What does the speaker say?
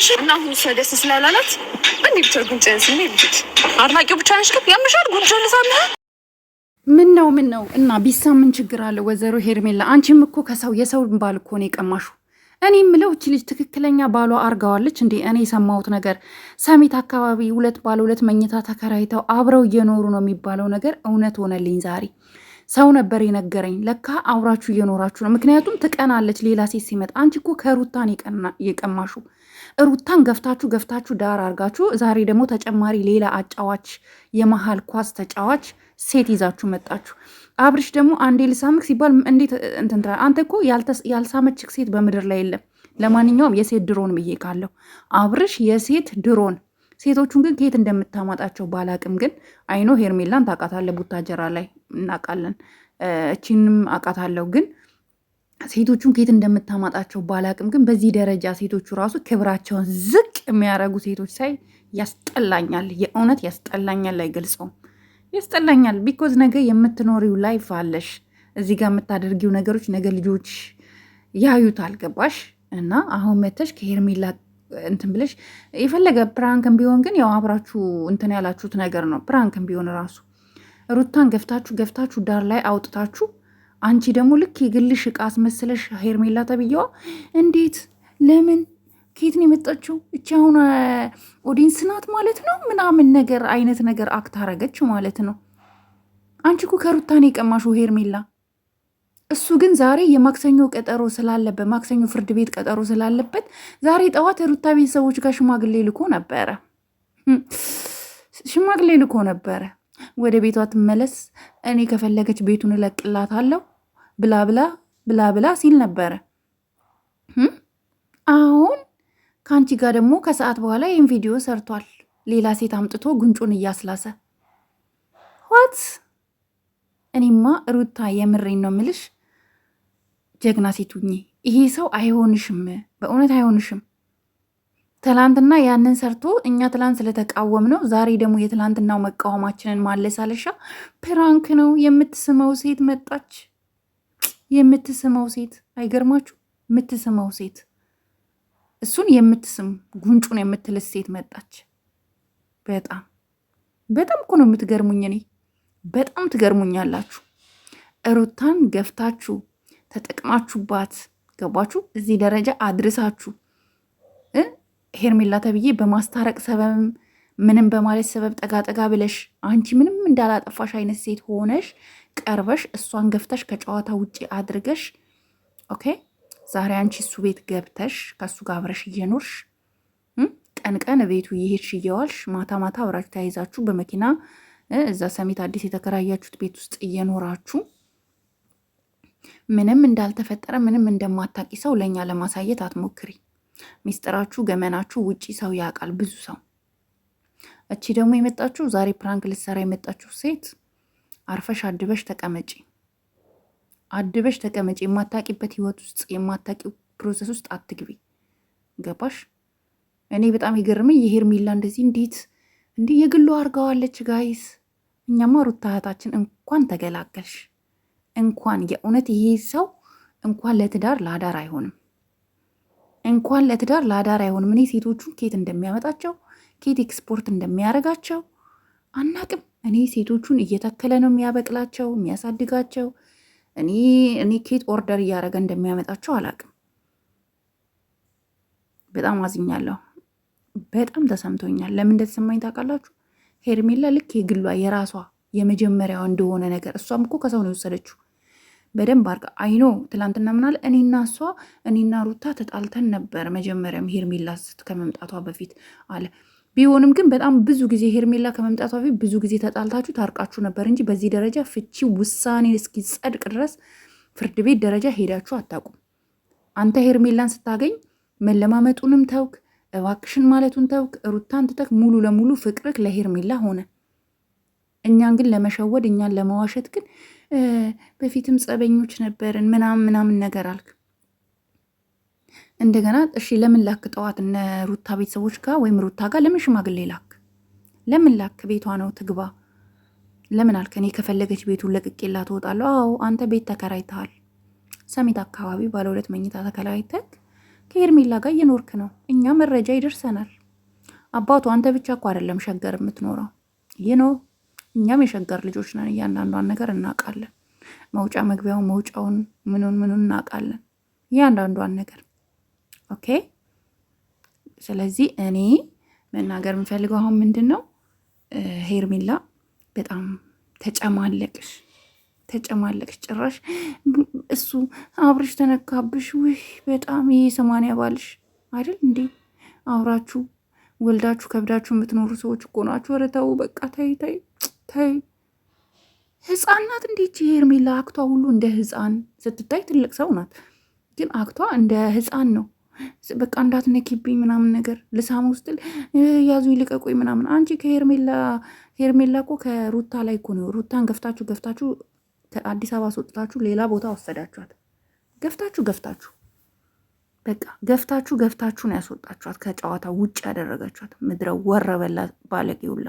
ነበርሽ እና አሁን እሷ ደስ ስላላላት እንዴ ብቻ ጉንጭን ስሜ ልጅት አድናቂው ብቻ ነሽ ግን ያምሻል ጉንጭን ሳምህ ምን ነው ምን ነው እና ቢሳ ምን ችግር አለ? ወይዘሮ ሄርሜላ አንቺም እኮ ከሰው የሰው ባል እኮ ነው የቀማሹ። እኔ የምለው እቺ ልጅ ትክክለኛ ባሏ አርጋዋለች እንዴ? እኔ የሰማሁት ነገር ሰሜት አካባቢ ሁለት ባለ ሁለት መኝታ ተከራይተው አብረው እየኖሩ ነው የሚባለው ነገር እውነት ሆነልኝ ዛሬ። ሰው ነበር የነገረኝ። ለካ አብራችሁ እየኖራችሁ ነው። ምክንያቱም ትቀናለች ሌላ ሴት ሲመጣ። አንቺ እኮ ከሩታን የቀማሹ ሩታን ገፍታችሁ ገፍታችሁ ዳር አርጋችሁ ዛሬ ደግሞ ተጨማሪ ሌላ አጫዋች የመሀል ኳስ ተጫዋች ሴት ይዛችሁ መጣችሁ። አብርሽ ደግሞ አንዴ ልሳምክ ሲባል እንዴት እንትን አንተ እኮ ያልሳመችክ ሴት በምድር ላይ የለም። ለማንኛውም የሴት ድሮን ብዬ ካለው አብርሽ የሴት ድሮን ሴቶቹን ግን ከየት እንደምታማጣቸው ባላቅም ግን አይኖ ሄርሜላን ታውቃታለህ፣ ቡታጀራ ላይ እናውቃለን፣ እቺንም አውቃታለሁ ግን ሴቶቹን ከየት እንደምታማጣቸው ባላቅም፣ ግን በዚህ ደረጃ ሴቶቹ ራሱ ክብራቸውን ዝቅ የሚያደርጉ ሴቶች ሳይ ያስጠላኛል። የእውነት ያስጠላኛል፣ አይገልጸውም፣ ያስጠላኛል። ቢኮዝ ነገ የምትኖሪው ላይፍ አለሽ፣ እዚህ ጋር የምታደርጊው ነገሮች ነገ ልጆች ያዩታል። ገባሽ? እና አሁን መተሽ ከሄርሜላ እንትን ብለሽ የፈለገ ፕራንክን ቢሆን ግን ያው አብራችሁ እንትን ያላችሁት ነገር ነው። ፕራንክን ቢሆን ራሱ ሩታን ገፍታችሁ ገፍታችሁ ዳር ላይ አውጥታችሁ አንቺ ደግሞ ልክ የግልሽ እቃ አስመስለሽ ሄርሜላ ተብዬዋ እንዴት ለምን ከየት ነው የመጣችው? እቺ አሁን ኦዲንስ ናት ማለት ነው ምናምን ነገር አይነት ነገር አክት አረገች ማለት ነው። አንቺ እኮ ከሩታን የቀማሹ ሄርሜላ። እሱ ግን ዛሬ የማክሰኞ ቀጠሮ ስላለበት ማክሰኞ ፍርድ ቤት ቀጠሮ ስላለበት ዛሬ ጠዋት የሩታ ቤተሰቦች ጋር ሽማግሌ ልኮ ነበረ። ሽማግሌ ልኮ ነበረ ወደ ቤቷ ትመለስ፣ እኔ ከፈለገች ቤቱን እለቅላታለሁ ብላ ብላ ብላ ብላ ሲል ነበረ። አሁን ከአንቺ ጋር ደግሞ ከሰዓት በኋላ ይህን ቪዲዮ ሰርቷል። ሌላ ሴት አምጥቶ ጉንጩን እያስላሰ ዋት። እኔማ ሩታ የምሬን ነው ምልሽ፣ ጀግና ሴቱኝ። ይሄ ሰው አይሆንሽም፣ በእውነት አይሆንሽም። ትላንትና ያንን ሰርቶ እኛ ትላንት ስለተቃወም ነው። ዛሬ ደግሞ የትላንትናው መቃወማችንን ማለሳለሻ ፕራንክ ነው የምትስመው ሴት መጣች። የምትስመው ሴት አይገርማችሁ? የምትስመው ሴት እሱን የምትስም ጉንጩን የምትልስ ሴት መጣች። በጣም በጣም እኮ ነው የምትገርሙኝ። እኔ በጣም ትገርሙኛላችሁ። ሩታን ገፍታችሁ ተጠቅማችሁባት ገባችሁ፣ እዚህ ደረጃ አድርሳችሁ ሄርሜላ ተብዬ በማስታረቅ ሰበብም ምንም በማለት ሰበብ ጠጋ ጠጋ ብለሽ አንቺ ምንም እንዳላጠፋሽ አይነት ሴት ሆነሽ ቀርበሽ እሷን ገፍተሽ ከጨዋታ ውጪ አድርገሽ ኦኬ፣ ዛሬ አንቺ እሱ ቤት ገብተሽ ከእሱ ጋር አብረሽ እየኖርሽ ቀን ቀን ቤቱ እየሄድሽ እየዋልሽ ማታ ማታ አብራችሁ ተያይዛችሁ በመኪና እዛ ሰሜት አዲስ የተከራያችሁት ቤት ውስጥ እየኖራችሁ ምንም እንዳልተፈጠረ ምንም እንደማታቂ ሰው ለእኛ ለማሳየት አትሞክሪ። ሚስጥራችሁ፣ ገመናችሁ ውጪ ሰው ያውቃል ብዙ ሰው እቺ ደግሞ የመጣችሁ ዛሬ ፕራንክ ልትሰራ የመጣችሁ ሴት አርፈሽ አድበሽ ተቀመጪ፣ አድበሽ ተቀመጪ። የማታቂበት ህይወት ውስጥ የማታቂ ፕሮሰስ ውስጥ አትግቢ። ገባሽ? እኔ በጣም የገርመኝ የሄርሜላ እንደዚህ እንዴት እንዲህ የግሉ አርገዋለች ጋይስ እኛማ ሩታ እህታችን እንኳን ተገላገልሽ፣ እንኳን የእውነት ይሄ ሰው እንኳን ለትዳር ለአዳር አይሆንም፣ እንኳን ለትዳር ለአዳር አይሆንም። እኔ ሴቶቹ ኬት እንደሚያመጣቸው ኬት ኤክስፖርት እንደሚያደርጋቸው አናቅም። እኔ ሴቶቹን እየተከለ ነው የሚያበቅላቸው የሚያሳድጋቸው። እኔ እኔ ኬት ኦርደር እያደረገ እንደሚያመጣቸው አላቅም። በጣም አዝኛለሁ። በጣም ተሰምቶኛል። ለምን እንደተሰማኝ ታውቃላችሁ? ሄርሜላ ልክ የግሏ የራሷ የመጀመሪያው እንደሆነ ነገር እሷም እኮ ከሰው ነው የወሰደችው በደንብ አርጋ አይኖ ትላንትና ምናለ እኔና እሷ እኔና ሩታ ተጣልተን ነበር መጀመሪያም ሄርሜላ ከመምጣቷ በፊት አለ ቢሆንም ግን በጣም ብዙ ጊዜ ሄርሜላ ከመምጣቷ በፊት ብዙ ጊዜ ተጣልታችሁ ታርቃችሁ ነበር እንጂ በዚህ ደረጃ ፍቺ ውሳኔ እስኪጸድቅ ድረስ ፍርድ ቤት ደረጃ ሄዳችሁ አታውቁም። አንተ ሄርሜላን ስታገኝ መለማመጡንም ተውክ፣ እባክሽን ማለቱን ተውክ፣ ሩታን ትተክ፣ ሙሉ ለሙሉ ፍቅርክ ለሄርሜላ ሆነ። እኛን ግን ለመሸወድ እኛን ለመዋሸት ግን በፊትም ጸበኞች ነበርን ምናምን ምናምን ነገር አልክ። እንደገና እሺ ለምን ላክ ጠዋት እነ ሩታ ቤተሰቦች ጋር ወይም ሩታ ጋር ለምን ሽማግሌ ላክ? ለምን ላክ? ቤቷ ነው ትግባ። ለምን አልክ? እኔ ከፈለገች ቤቱን ለቅቄላ ትወጣለሁ። አዎ አንተ ቤት ተከራይተሃል። ሰሜት አካባቢ ባለ ሁለት መኝታ ተከራይተህ ከሄርሜላ ጋር እየኖርክ ነው። እኛ መረጃ ይደርሰናል። አባቱ አንተ ብቻ እኮ አይደለም ሸገር የምትኖረው። ይህ ነው እኛም የሸገር ልጆች ነን። እያንዳንዷን ነገር እናውቃለን። መውጫ መግቢያውን፣ መውጫውን፣ ምኑን ምኑን እናውቃለን። እያንዳንዷን ነገር ኦኬ። ስለዚህ እኔ መናገር የምፈልገው አሁን ምንድን ነው ሄርሜላ በጣም ተጨማለቅሽ ተጨማለቅሽ ጭራሽ እሱ አብርሽ ተነካብሽ። ውህ በጣም ይህ ሰማንያ ባልሽ አይደል እንዴ? አብራችሁ ወልዳችሁ ከብዳችሁ የምትኖሩ ሰዎች እኮ ናችሁ። ኧረ ተው በቃ ተይ ተይ ተይ። ህፃናት ናት እንዴች ሄርሜላ። አክቷ ሁሉ እንደ ህፃን ስትታይ ትልቅ ሰው ናት፣ ግን አክቷ እንደ ህፃን ነው። በቃ እንዳትነኪብኝ ምናምን ነገር ልሳም ውስጥል ያዙ ይልቀቁኝ ምናምን። አንቺ ከሄርሜላ ሄርሜላ እኮ ከሩታ ላይ እኮ ነው። ሩታን ገፍታችሁ ገፍታችሁ ከአዲስ አበባ አስወጥታችሁ ሌላ ቦታ ወሰዳችኋት። ገፍታችሁ ገፍታችሁ በቃ ገፍታችሁ ገፍታችሁ ነው ያስወጣችኋት። ከጨዋታ ውጭ ያደረጋችኋት ምድረ ወረበላ ባለጌ ሁላ